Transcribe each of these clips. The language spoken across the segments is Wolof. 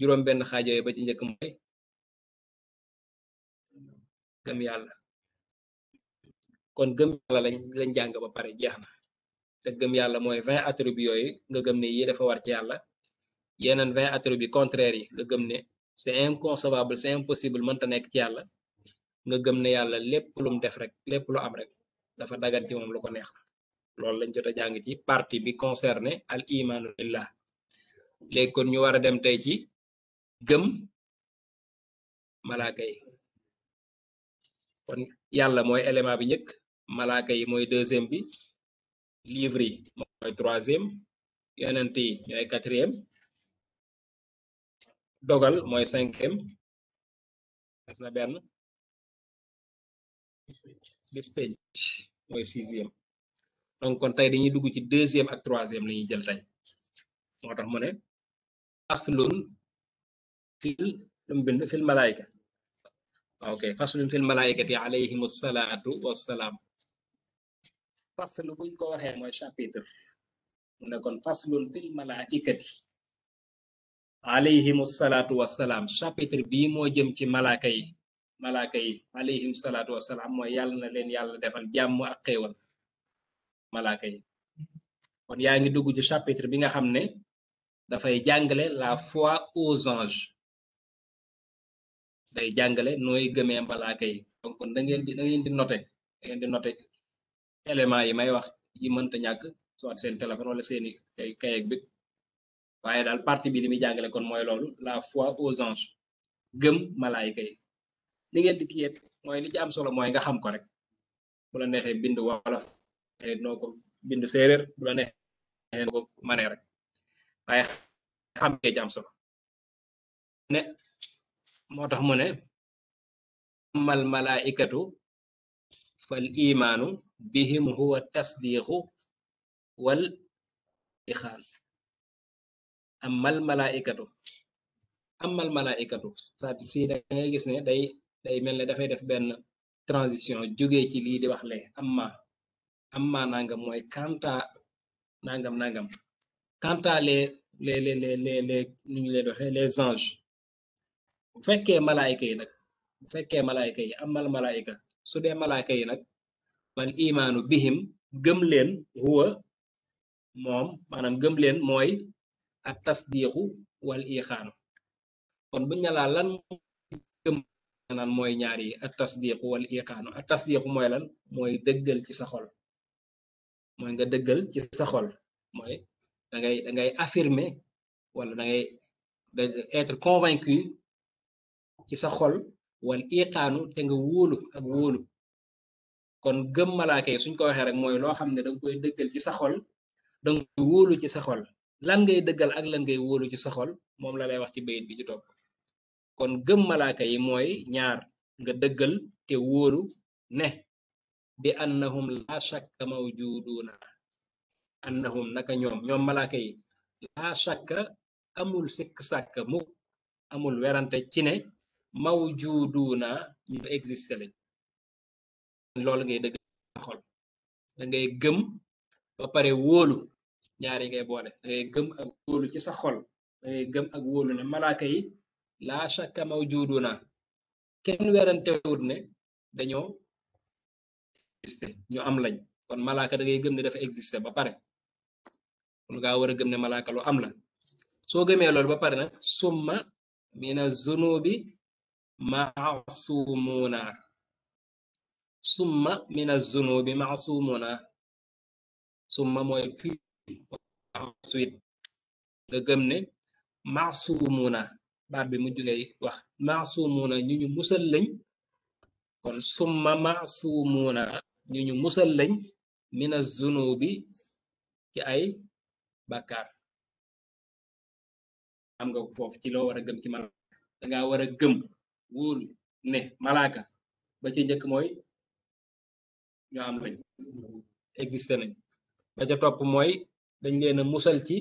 juróom benn xaaja ba ci njëkk mooy gëm yàlla kon gëm yàlla lañ lañ jàng ba pare jeex na te gëm yàlla mooy vingt attribut yooyu nga gëm ne yi dafa war ci yàlla yeneen vingt attribut contraire yi nga gëm ne c'est inconcevable c'est impossible mënta nekk ci yàlla nga gëm ne yàlla lépp mu def rek lépp lu am rek dafa dagan ci moom lu ko neex loolu lañ jot a jàng ci parti bi concerné al imaanu billah léegi kon ñu war a dem tey ci gëm malaaka yi kon yàlla mooy élément bi njëkk malaaka yi mooy deuxième bi livre yi mooy troisième yonent yi ñooy quatrième dogal mooy cinquième des na benn bis penc mooy sixième donc kon tey dañuy dugg ci deuxième ak troisième la ñuy jël tey moo tax mu ne aslun في في الملائكة أوكي فصل في الملائكة عليهم الصلاة والسلام فصل buñ ko waxee mooy chapitre mu ne kon faslun fil malaikati alayhimu salaatu wasalaam chapitre bii moo jëm ci malaaka yi malaaka yi alayhim salaatu wasalaam mooy yàlla na leen yàlla defal jàmm ak xéewal malaaka yi kon yaa ngi dugg ci chapitre bi nga xam ne dafay jàngale la foi aux anges day jàngale nooy gëmee malaaka yi donc kon da ngeen di da ngeen di noté da ngeen di noté éléments yi may wax yi mënta ñàkk soit seen téléphone wala seeni kay kayeg bi waaye daal partie bi li muy jàngale kon mooy loolu la foi aux anges gëm malaayika yi li ngeen di kiyet mooy li ci am solo mooy nga xam ko rek bu la neexee bind wolof noo ko bind séeréer bu la neexee noo ko manee rek waaye xam ngee ci am solo ne moo tax mu ne mal mala ikatu fal imaanu bihim huwa tasdiqu wal ixaan amal malaikatu amal malaikatu saati fii da ngay gis ne day day mel ne dafay def benn transition jógee ci lii di wax le amma amma nangam mooy kanta nangam nangam kanta les les les les les nu leen waxee les anges bu fekkee malaayka yi nag bu fekkee malaayka yi amal malaayka su dee malaayka yi nag wal imaanu bihim gëm leen huwa moom maanaam gëm leen mooy ak tasdiqu wal ixaanu kon bu ñu laa lan gëm naan mooy ñaar yi ak tasdiqu wal ixaanu ak tasdiqu mooy lan mooy dëggal ci sa mooy nga dëggal ci sa xol mooy da ngay da wala da ngay convaincu ci sa xol wal iqaanu te nga wóolu ak wóolu kon gëm malaaka yi suñ ko waxee rek mooy loo xam ne danga koy dëggal ci saxol xol danga koy wóolu ci saxol xol lan ngay dëggal ak lan ngay wóolu ci sa moom la wax ci bayit bi ci topp kon gëm malaaka yi mooy ñaar nga dëggal te wóolu ne bi annahum la shakka mawjuduuna annahum naka ñoom ñoom malaaka yi la shakka amul sikk sàkk mukk amul werante ci ne mawjuduuna ñu existé lañ loolu ngay dëgg xol da ngay gëm ba pare wóolu ñaari ngay boole da gëm ak wóolu ci sa xol gëm ak wóolu ne malaaka yi laa shakka mawjuduuna kenn werantewut ne dañoo existé ñoo am lañ kon malaaka da ngay gëm ne dafa existé ba pare kon ngaa war a gëm ne malaaka lu am la soo gëmee loolu ba nag summa mina zunubi maasumuuna summa min azunubi maasumuuna summa mooy puis nga gëm ne maasumuuna baat bi mujj ngay wax maasumuuna ñu ñu musal lañ kon summa maasumuuna ñu ñu musal lañ min azunubi ci ay bàkkaar am nga foofu ci loo war a gëm ci man danga war gëm wóor ne malaaka ba ci njëkk mooy ñoo am lañ existé nañ ba ca topp mooy dañ leen a musal ci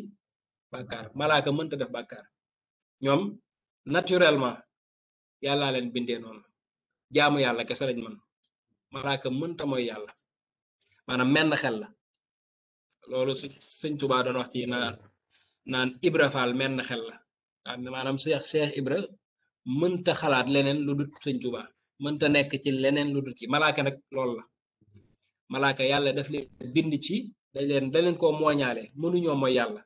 bàkkaar malaaka mënta def bàkkaar ñoom naturellement yàllaa leen bindee noonu jaamu yàlla kese lañ man malaaka mënta mooy yàlla maanaam menn xel la loolu sëñ Tuubaa doon wax ci naan naan Ibra Faal menn xel la maanaam Seex Seex Ibra mënta xalaat leneen lu dul sëñ Tuubaa mënta nekk ci leneen lu dul ci malaaka nag loolu la malaaka yàlla daf leen bind ci dañ leen da leen koo mooñaale mënuñoo mooy yàlla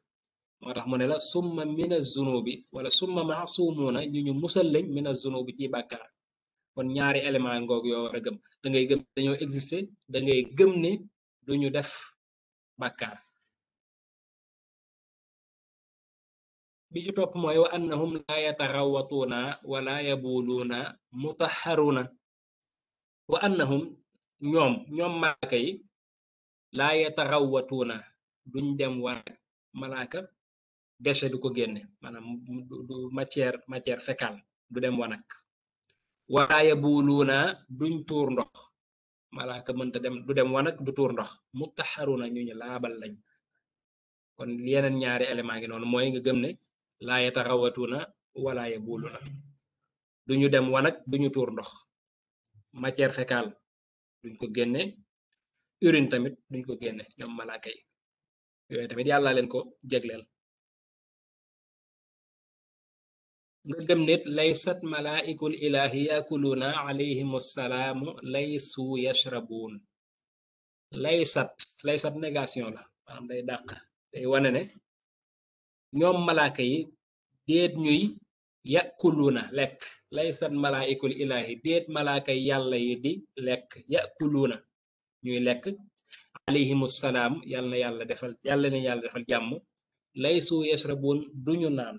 moo tax mu ne la summa mina zunubi wala summa maasumuuna ñu ñu musal lañ mina zunubi ci bàkkaar kon ñaari élément ngoog yoo war gëm da ngay dañoo exister dangay gëm ne duñu def bàkkaar bi ci topp mooy wa annahum la yatarawatuuna wala yabuuluuna mutaxaruuna wa annahum ñoom ñoom malaaka yi laa yatarawatuuna duñ dem war malaaka déchet du ko génne maanaam du matière matière fécale du dem wanak wala yabuuluuna duñ tuur ndox malaaka mënta dem du dem wanak du tuur ndox mutaxaruuna ñu ñu laabal lañ kon yeneen ñaari élément gi noonu mooy nga gëm ne laa yatarawatuuna wala yabuluna duñu dem wanag duñu tuur ndox matière fécale duñ ko génne urine tamit duñ ko génne ñoom malaaka yi yooyu tamit yàlla leen ko jegleel nga gëm nit laysat malaikul ilahi yakuluuna alayhim assalaamu laysu yashrabuun laysat laysat négation la maanaam day dàq day wane ne ñoom malaaka yi déet ñuy yakuluuna lekk laysat malaaikul ilaahi déet malaaka yàlla yi di lekk yakuluuna ñuy lekk alayhimu salaam yàlla yàlla defal yàlla na yàlla defal jàmm laysu yashrabun duñu naan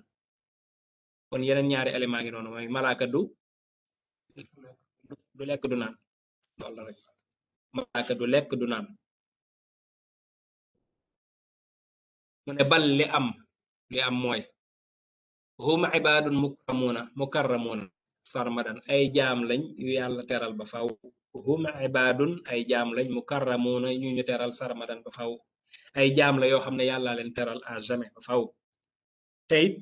kon yeneen ñaari élément ngi noonu mooy malaaka du du lekk du naan malaaka du lekk du naan mu ne am li am mooy hum ibaadun mu mukarramuuna sarmadan ay jaam lañ yu yàlla teral ba faw hum ibaadun ay jaam lañ mukarramuuna ñu ñu teral sarmadan ba faw ay jaam la yoo xam ne yàlla leen teral à jamais ba faw te it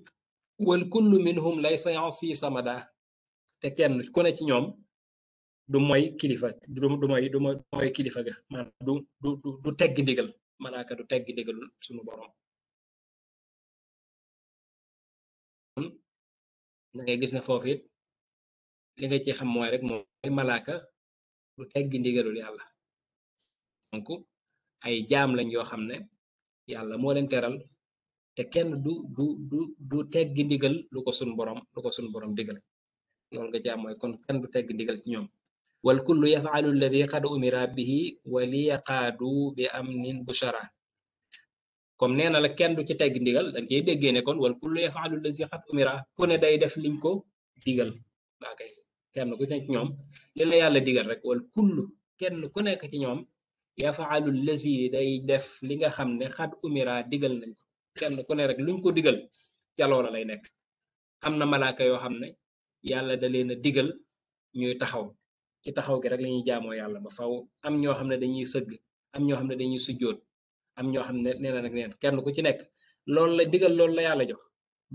wal kullu minhum laysa yansi samada te kenn ku ci ñoom du moy kilifa du mooy kilifa ga maanaam du du du ndigal malaaka du tegg ndigalul sunu borom da ngay gis ne foofu it li nga ci xam mooy rek mooy malaaka lu teggi ndigalul yàlla donc ay jaam lañ yoo xam ne yàlla moo leen teral te kenn du du du du teggi ndigal lu ko sun borom lu ko sun borom digal loolu nga jaam mooy kon kenn du teggi ndigal ci ñoom wal kullu yafalu alladi qad umira bihi wa liyaxaadu bi amnin bushara comme nee na la kenn du ci tegg ndigal da nga koy déggee ne kon wal kullu yafaalu lazi xat umira ne day def liñ ko digal waa kay kenn ku ne ci ñoom li la yàlla digal rek wal kullu kenn ku nekk ci ñoom yafaalu lazi day def li nga xam ne xat umira digal nañ ko kenn ku ne rek luñ ko digal ca loola lay nekk am malaaka yoo xam yàlla da leen a digal ñuy taxaw ci taxaw gi rek la ñuy jaamoo yàlla ba faw am ñoo xam dañuy sëgg am ñoo xam dañuy sujjoot am ñoo xam ne nee na nag neen kenn ku ci nekk loolu la digal loolu la yàlla jox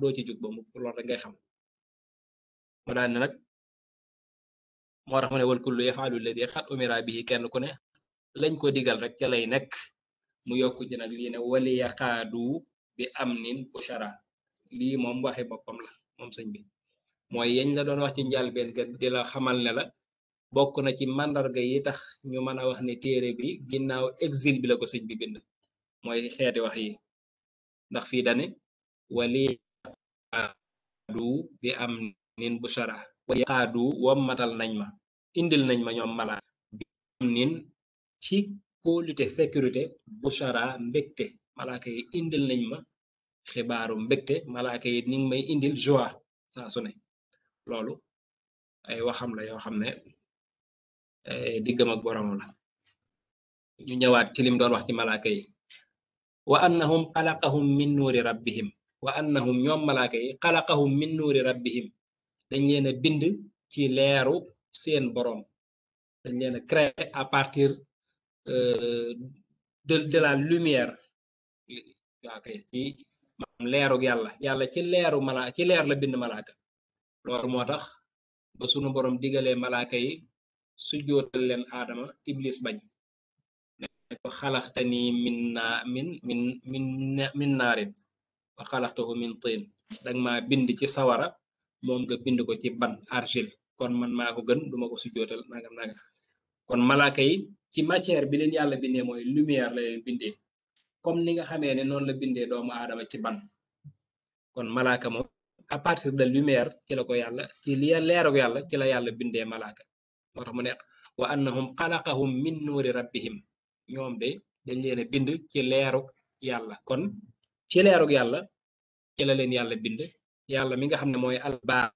doo ci jug ba mu loolu rek ngay xam daal ne nag moo tax ma ne wal kullu yafaalu alladi xat umira bii kenn ku ne lañ ko digal rek ca lay nekk mu yokku ci nag lii ne wali bi am nin bushara lii moom waxi boppam la moom sëñ bi mooy yeñ la doon wax ci njàlbeen ga di la xamal ne la bokk na ci màndarga yi tax ñu mën a wax ne téere bi ginnaaw exil bi la ko sëñ bi bind mooy xeeti wax yi ndax fii dane wali bi am nin bu shara wali qaadu matal nañ ma indil nañ ma ñoom mala nin ci kóolute sécurité bu shara mbégte malaaka indil nañ ma xibaaru mbégte malaaka yi ni ngi may indil joie saa su ne loolu ay waxam yoo xam ne diggam ak boroom la ñu ñëwaat ci lim doon wax ci malaaka yi wa annahum qalaqahum min nuri rabbihim wa annahum ñoom malaaka yi min nuri rabbihim dañ leen a bind ci leeru seen borom dañ leen a à partir euh, de de la lumière waaw kay ci maanaam leeru yàlla yàlla ci leeru mala ci leer la bind malaaka loolu moo tax ba sunu borom digalee malaaka yi sujjootal leen aadama iblis bañ ko tani min na min min min min naarin wa xalaxtahu min tin dang ma bind ci sawara mom nga ko ci ban argile kon man ma ko gën duma ko sujjootal nangam nangam kon malaaka yi ci matière bi leen yàlla bindee mooy lumière la leen bindee comme ni nga xamee ne noonu la bindee doomu aadama ci ban kon malaaka moom partir de lumière ci la ko yàlla ci li leerug yàlla ci la yàlla bindee malaaka moo tax mu ne wa annahum xalaqahum min nuuri rabbihim ñoom de dañ leen bind ci leerug yàlla kon ci leerug yàlla ci leen yàlla bind yàlla mi nga xam ne mooy albaar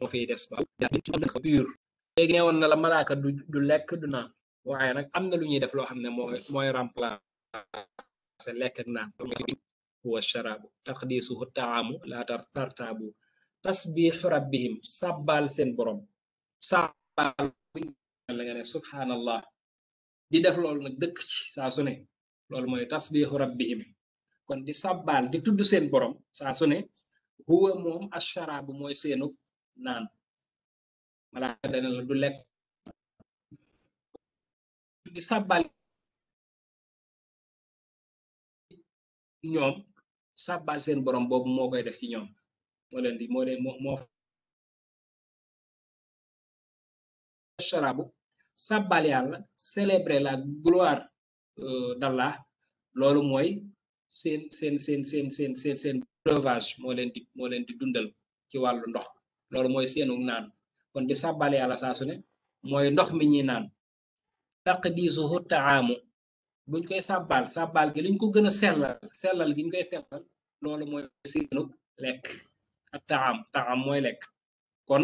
moo fiy des ba léegi newoon na la du du lekk du naan waaye nag am na lu ñuy def loo xam ne mooy mooy remplacer lekk ak naan huwa sharaabu taqdisuhu taamu la tartaabu tasbiixu rabbihim sàbbaal seen borom sàbbaal la nga ne subhanallah di def loolu nag dëkk ci saa su ne loolu mooy tasbiixu rabbihim kon di sàbbaal di tudd sen borom saa su ne huwa moom asharaabu mooy seenu naan malaaka dana la du lekk di sàbbal ñoom sàbbal sen borom boobu mo koy def ci ñom mo len di mo len mo sharabu sàbbal yalla célébrer la gloire euh, d'Allah lolu moy sen sen sen sen sen sen seen breuvage moo leen di mo len di dundal ci walu ndox lolu moy seenu naan kon di sàbbal yàlla saa su ne ndox mi ñi naan taqdiisuhu taamu buñ koy sàbbaal sàbbaal gi liñ ko gën a sellal sellal gi koy sellal loolu mooy sinu lekk ak taam taam mooy lekk kon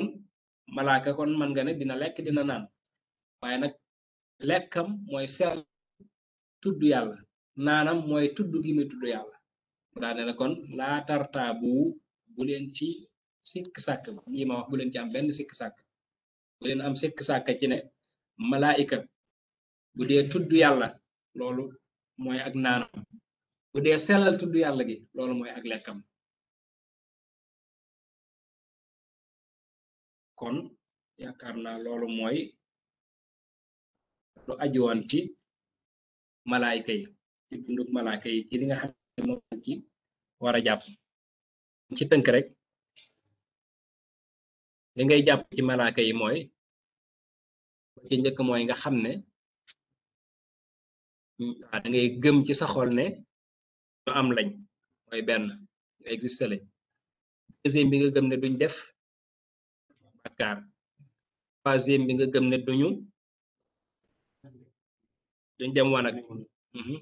malaaka kon mën nga ne dina lekk dina naan waaye nag lekkam mooy sell tudd yàlla naanam mooy tudd gi muy tudd yàlla mu daa ne na kon laa tartaa bu bu leen ci sikk sàkk lii ma wax bu leen ci am benn sikk sàkk bu leen am sikk sàkk ci ne malaayika bu dee yàlla loolu mooy ak naanam bu dee sellal yàlla gi loolu mooy ak lekkam kon yaakaar naa loolu mooy lu ajuwoon ci malaayka yi ci dunduk malaayka yi ci nga xam ne moom ci war a jàpp ci tënk rek li ngay jàpp ci malaayka yi mooy ci njëkk mooy nga xam ne waaw da gëm ci sa xol ne ñu am lañ mooy benn ñu existé lañ deuxième bi nga gëm ne duñ def bàkkaar troisième bi nga gëm ne duñu duñ dem wanag mhm,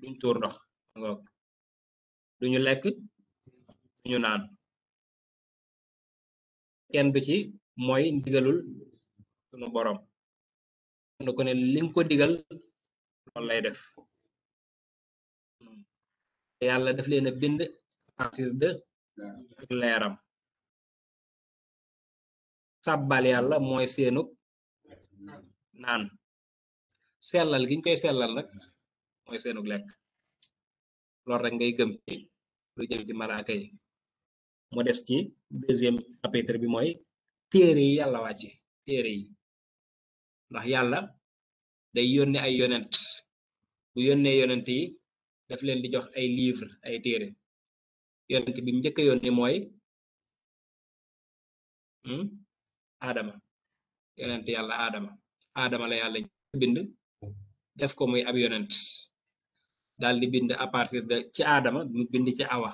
duñ tuur ndox ngoog duñu lekk duñu naan kenn du ci mooy ndigalul sunu borom kon ko ne li digal loolu lay def yàlla ya, daf leen a bind à partir de ak leeram sàbbal yàlla mooy seenu naan sellal giñ koy sellal nag mooy seenug lekk loolu rek ngay gëm ci lu jëm ci malaaka yi mu des ci deuxième chapitre bi mooy téere yi yàlla wàcce téere yi ndax yàlla day yónnee ay yonent bu yónnee yonent yi def leen di jox ay livre ay téere yonent bi mu njëkk a yónnee mooy hmm? Adama yonent yàlla Adama Adama la yàlla bind def ko muy ab yonent daal di bind à partir de ci Adama mu bind ci Awa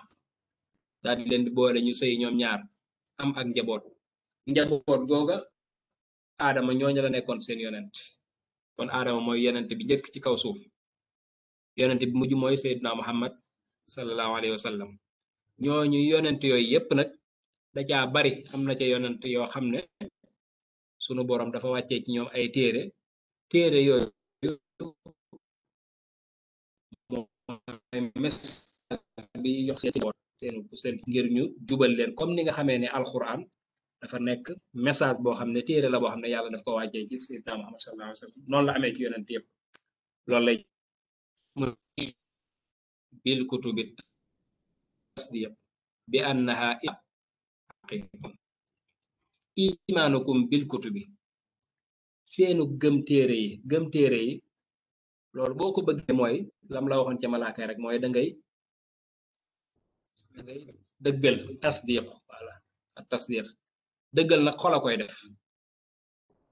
daal di leen di boole ñu sëy ñoom ñaar am ak njaboot njaboot googa Adama ñooñu la nekkoon seen yonent kon adama moy yenente bi jek ci kaw suuf yenente bi muju moy sayyidna muhammad sallallahu Alaihi Wasallam. sallam ñooñu yonent yooyu yépp nag da ca bari amna ca yenente yo xamne ne sunu borom dafa wacce ci ñoom ay téré téré yoy message bi yox sen ngir ñu jubal leen comme ni nga xamé ne alquran dafa nekk message boo xam ne téere la boo xam ne yàlla daf ko wàccee ci Seydina Muhammad sallallahu alayhi wa sallam noonu la amee ci yonent yëpp loolu lay bil kutubi tasdiq bi annaha haqiqun imaanukum bil seenu gëm téere yi gëm téere yi loolu boo ko bëggee mooy lam la waxoon ca malaaka rek mooy da ngay da ngay dëggal tasdiq voilà ak tasdiq dëggal na xol a koy def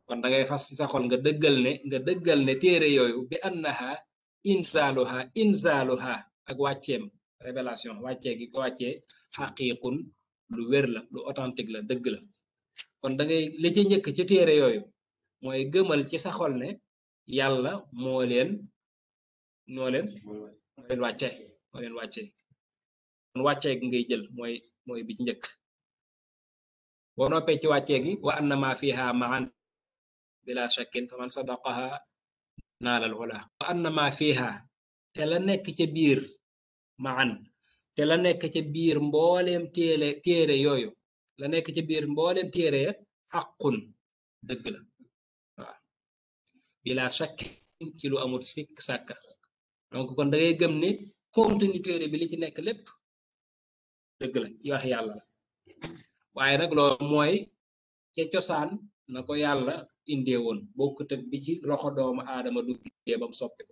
kon dangay fas ci sa nga dëggal ne nga dëggal ne téere yooyu bi annaha insaaluha insaaluha ak wàccem révélation wàccee gi ko wàccee xaqiiqun lu weer la lu authentique la dëgg la kon da ngay li ci njëkk ci téere yooyu mooy gëmal ci sa ne yàlla moo leen moo leen moo leen wàcce moo leen wàcce kon wàccee gi ngay jël mooy mooy bi ci njëkk boo noppee ci wàccee gi wa annama fiha maan bila shakkin faman sadaqaha naalal ula wa annama fiha te la nekk ca biir maan te la nekk ca biir mbooleem téere téere yooyu la nekk ca biir mbooleem téere xaqun dëgg la bila shakkin ci lu amul sikk sàkka donc kon da ngay gëm ne bi li ci nekk lépp dëgg la wax yàlla waaye nag loolu mooy ca cosaan na ko yàlla indee woon bokkut ak bi ci loxo doomu aadama duggee bam soppi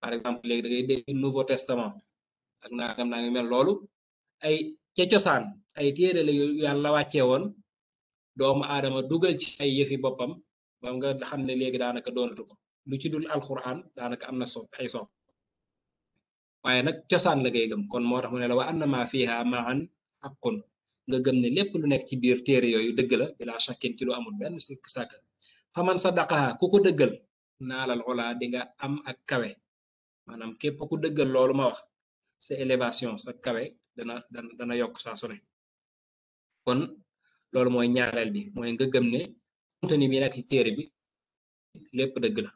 par exemple léegi da ngay dégg nouveau testament ak naagam naa ngi mel loolu ay ca cosaan ay téere la yu yàlla wàccee woon doomu aadama dugal ci ay yëfi boppam bam nga xam ne léegi daanaka doonatu ko lu ci dul alxuraan daanaka am na so ay sopp waaye nag cosaan la ngay gëm kon moo tax ne la wa anna maa fiha maan xaqun nga gëm ne lepp lu nekk ci biir téere yoyu ya, ya, deug la eh. bila chacun ci lu amul benn sikk sàkk faman sadaqaha ku ko dëggal ola di nga am ak kawe manam kep ku deugal lolu ma wax c'est élévation sa kawe dana dana dana yok sa su kon lolu moy ñaareel bi moy nga gëm ne contenu bi ya, nak ci téere bi lepp deug la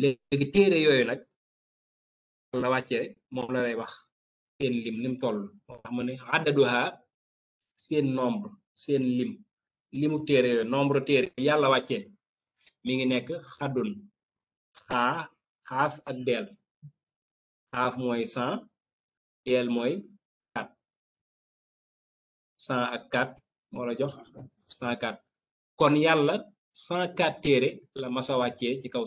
léegi téere yoyu nak la wacce eh, mom la lay wax lim nim toll xamane adaduha sen nombre sen lim limu téere yooyu nombre ya lawa wàccee mi ngi nekk xadun ha xaaf ak del xaaf mooy cent del mooy quatre cent ak quatre moo la jox cent kon yàlla cent quatre téere la masa wàccee ci kaw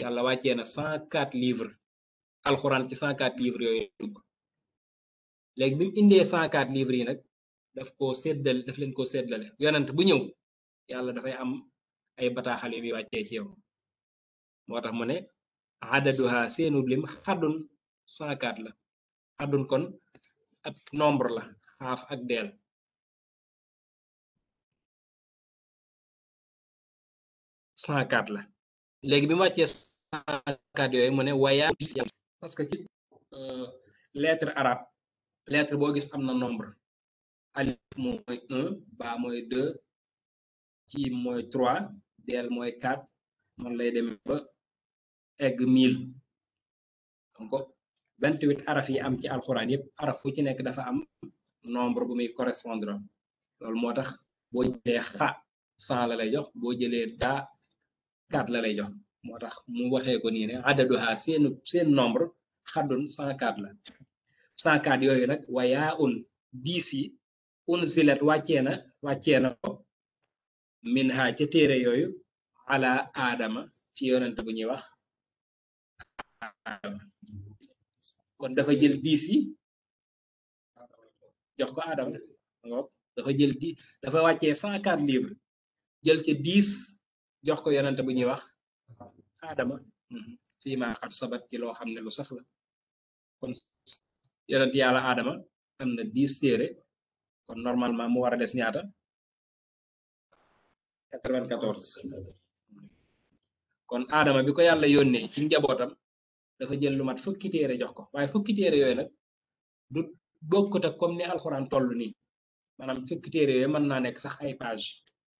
ya lawa wàccee na cent quatre livres alxuraan ci cent quatre livres yooyu dugg leg bi indé 104 cent livres yi nak daf ko séddal daf len ko séddale yonent bu ñew yalla da fay am ay bata yu muy wacce ci yow motax tax mu ne adaduha senu lim xadun 104 la xadun kon ab nombre la haf ak del cent la legui bima ci wàccee yoy mo ne waya parce que ci euh lettre arabe lettre boo gis am na nombre alif mooy un ba mooy deux ci mooy trois del mooy quatre noonu lay demee ba egg mille donc vingt huit araf yi am ci alxuraan yëpp araf fu ci nekk dafa am nombre bu muy correspondre loolu moo tax boo jëlee xa cent la lay jox boo jëlee daa quatre la lay jox moo tax mu waxee ko nii ne adadu ha seen seen nombre xadun cent quatre la saakaat yooyu nag wayaa un diis yi unzilat wàccee na wàccee na ko min ha ca téere yooyu ala aadama ci yonent bu ñuy wax kon dafa jël diis yi jox ko aadama dafa jël di dafa wàccee cent quatre livres jël ca diis jox ko yonent bu ñuy wax aadama mhm. fii maa xat sabat ci loo xam ne lu sax yonent yàlla Adama am na diis téere kon normalement mu war a des ñaata quatre kon Adama bi ko yàlla yónnee ci njabootam dafa jël lu mat fukki téere jox ko waaye fukki téere yooyu nag du bokkut ak comme ni alxuraan toll nii maanaam fukki téere yooyu mën naa nekk sax ay page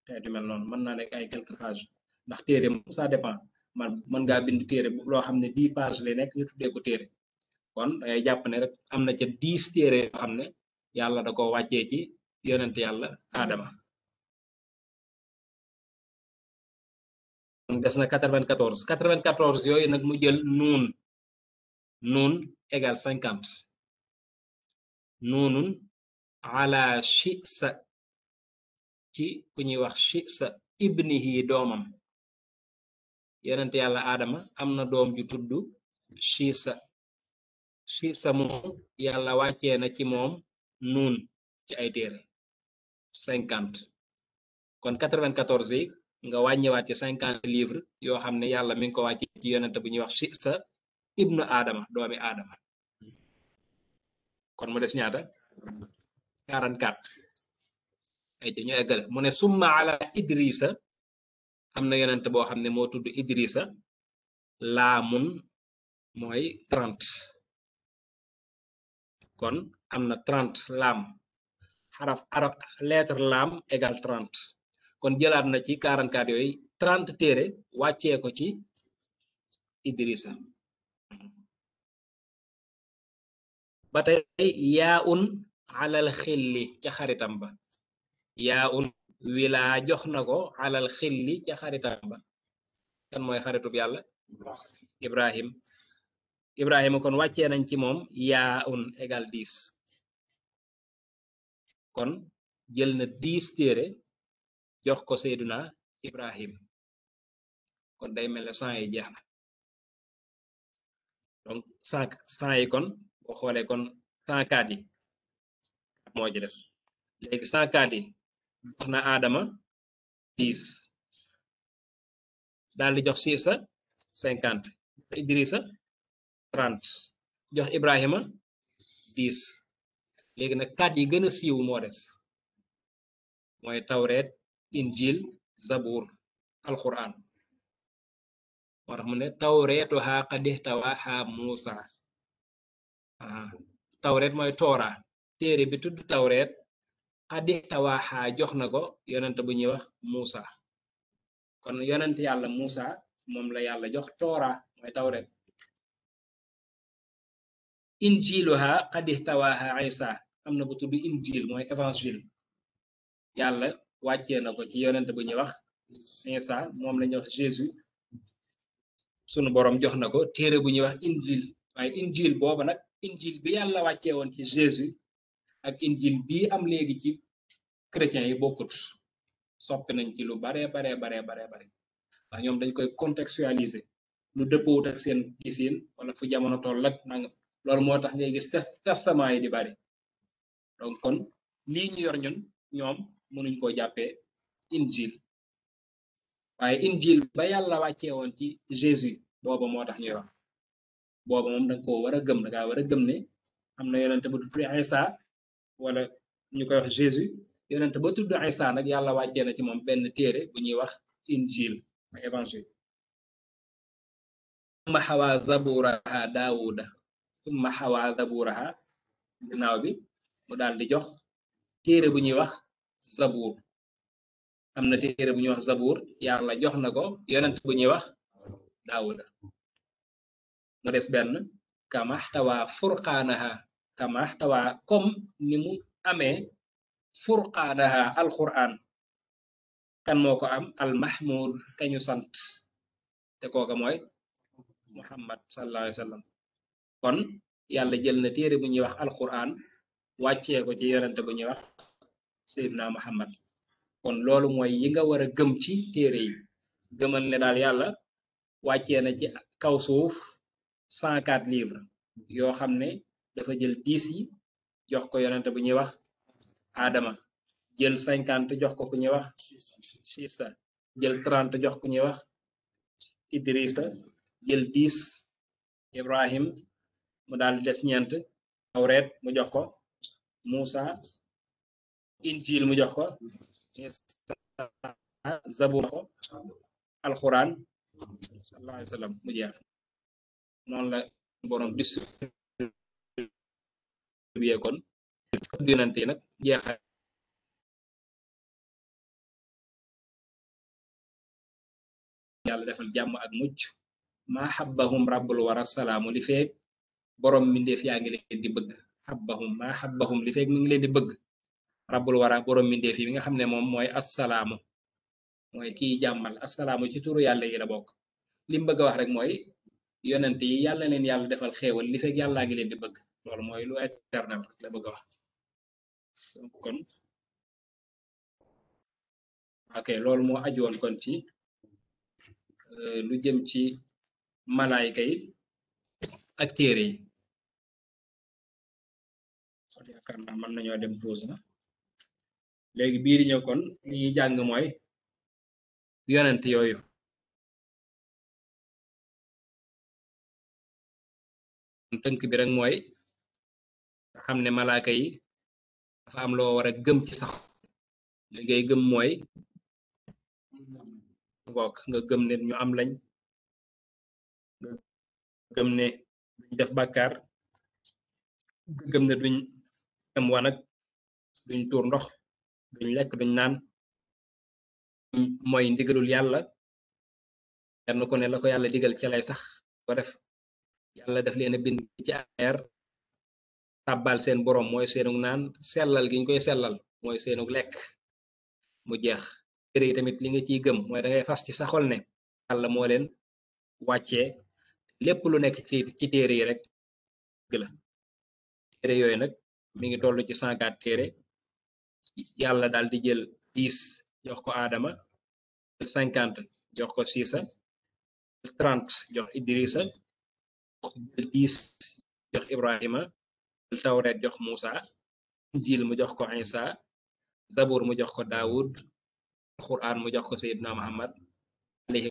te du mel noonu mën naa nekk ay quelques pages ndax téere moom ça dépend man mën ngaa bind téere loo xam ne dix page lay nekk ñu tuddee ko téere kon da eh, ngay ne rek amna ci 10 téré téere yoo xam da ko wacce ci yonent yalla adama des na 94 94 yoy nak mu jël nun nun égal 50 nunun ala shisa, ci ku ñuy wax shi'sa ibnihi domam, yonent yalla adama amna dom ju tuddu shi'sa Siisa samu yalla wacce na ci mom nun ci ay téré 50 kon 94 vingt quatorze yi nga wàññiwaat ci 50 livres yo xam yalla mi ngi ko wacce ci yonent bu ñu wax sa ibnu Adama doomi Adama kon mu des ñaata 44 ay ci ñu eggal mu ne summa ala Idrisa amna yonent bo xam mo tuddu Idrisa lamun moy 30 kon am na 30 laam xaraf arab lettre laam égal 30 kon jëlaat na ci 44 yooyu 30 téere wàccee ko ci Idrissa ba tey yaa un alal xilli ca xaritam ba ya un wilaa jox na ko alal xilli ca xaritam ba kan mooy xaritub yàlla Ibrahim Ibrahima kon wàccee nañ ci moom yaa un égal dix kon jël na dix téere jox ko Seyduna Ibrahim kon day mel ne yi jeex donc cent cent yi kon boo xoolee kon cent quatre yi moo des léegi cent quatre yi jox na Adama dix daal di jox Siisa cinquante Idrissa 30 jox Ibrahima 10 léegi nak kat yi gëna siiw mo dess moy tawret injil zabur alquran war mu ne ha qad ihtawaha Musa, Tawret moy tora téere bi tuddu tawret qad ihtawaha jox nako yonent bu ñi wax Musa, kon yonent yalla musa mom la yalla jox tora moy tawret injiluha qad ihtawaha isa am na bu tudd injil mooy évangile yàlla wàccee na ko ci yonent bu ñuy wax isa moom la ñuy wax jésus sunu borom jox na ko téere bu ñuy wax injil waaye injil booba nag injil bi yàlla wàccee woon ci jésus ak injil bi am léegi ci chrétiens yi bokkut soppi nañ ci lu baree baree baree baree bare ndax ñoom dañ koy contextualiser lu dëppoowut ak seen gisiin wala fu jamono toll ak nangam loolu moo tax ngay gis testament yi di bari donc kon lii ñu yor ñun ñoom mënuñ koo jàppee injil waaye injil ba yàlla wàcce woon ci Jésus booba moo tax ñuy wax booba moom danga koo war a gëm dangaa war a gëm ne am na yonente ba tudd Isa wala ñu koy wax Jésus yonente ba tudd Isa nag yàlla wàccee na ci moom benn téere bu ñuy wax injil ak évangile ma xawaa zaburaha daawuda summa xawaa zaburaha bi mu daal di jox téere bu ñuy wax zabuur am na téere bu ñuy wax jox na ko yonent bu ñuy wax daawuda mu des benn kamaxtawaa furqaanaha kamaxtawaa comme ni mu ame furqaanaha alquran kan moo ko am almahmud kañu sant te kooka mooy muhammad sallallahu wa sallam kon yalla jël na téré bu ñuy wax alquran wacce ko ci yonente bu ñuy wax sayidna muhammad kon loolu mooy yi nga wara gëm ci téré yi gëmal ne daal yalla wacce na ci kaw suuf 104 livres yo xam dafa jël 10 yi jox ko yonente bu ñuy wax adama jël 50 jox ko ku ñuy wax isa jël 30 jox ku ñuy wax idrissa jël 10 ibrahim mu daal di des ñeent tawreet mu jox ko Musa injil mu jox ko zabur ko mu jeex noonu la borom distribué kon yonante yi nag jeexa yàlla defal jàmm ak mucc ma habbahum rabbul wara salaamu li feek borom mbindeef yaa ngi leen bëgg xabbahum ma xabbahum li fekk mi ngi leen di bëgg rabbul wara boroom mbindeef yi nga xam ne moom mooy assalaamu mooy kiy jàmmal assalaamu ci turu yàlla yi la bokk li bëgg a wax rek mooy yonent yi yàlla leen yàlla defal xéewal li fekk yàllaa ngi leen di bëgg lool mooy lu éternel rek la bëgg a wax kon ok loolu moo ajoon kon ci euh, lu jëm ci malaayka yi ak téere yi kon yaakaar nañoo dem pause na léegi bii di ñëw kon li ñuy jàng mooy yonent yooyu tënk bi rek mooy nga xam ne malaaka yi dafa am loo war a gëm ci sax li ngay gëm mooy ngoog nga gëm ne ñu am lañ nga gëm ne def Bakar, gëm ne duñ am wa nak duñ tour ndox duñ lek duñ nan moy ndigalul yalla kenn ko ne la ko yàlla digal ci lay sax ko def yalla def leena bind ci air tabal seen borom moy seenug nan sellal giñ koy sellal moy seenug lek mu jeex téere tamit li nga ci gëm moy da ngay fas ci saxol ne yalla mo len wacce lepp lu nek ci ci téré yi rek dëgg la téere yooyu nag mi ngi tollu ci 104 téré yalla dal di jël 10 jox ko Adama 50 jox ko Siisa 30 jox Idrissa 10 jox Ibrahima Tawret jox Musa Injil mu jox ko Isa Zabur mu jox ko daoud mu jox ko sayyidna Muhammad alayhi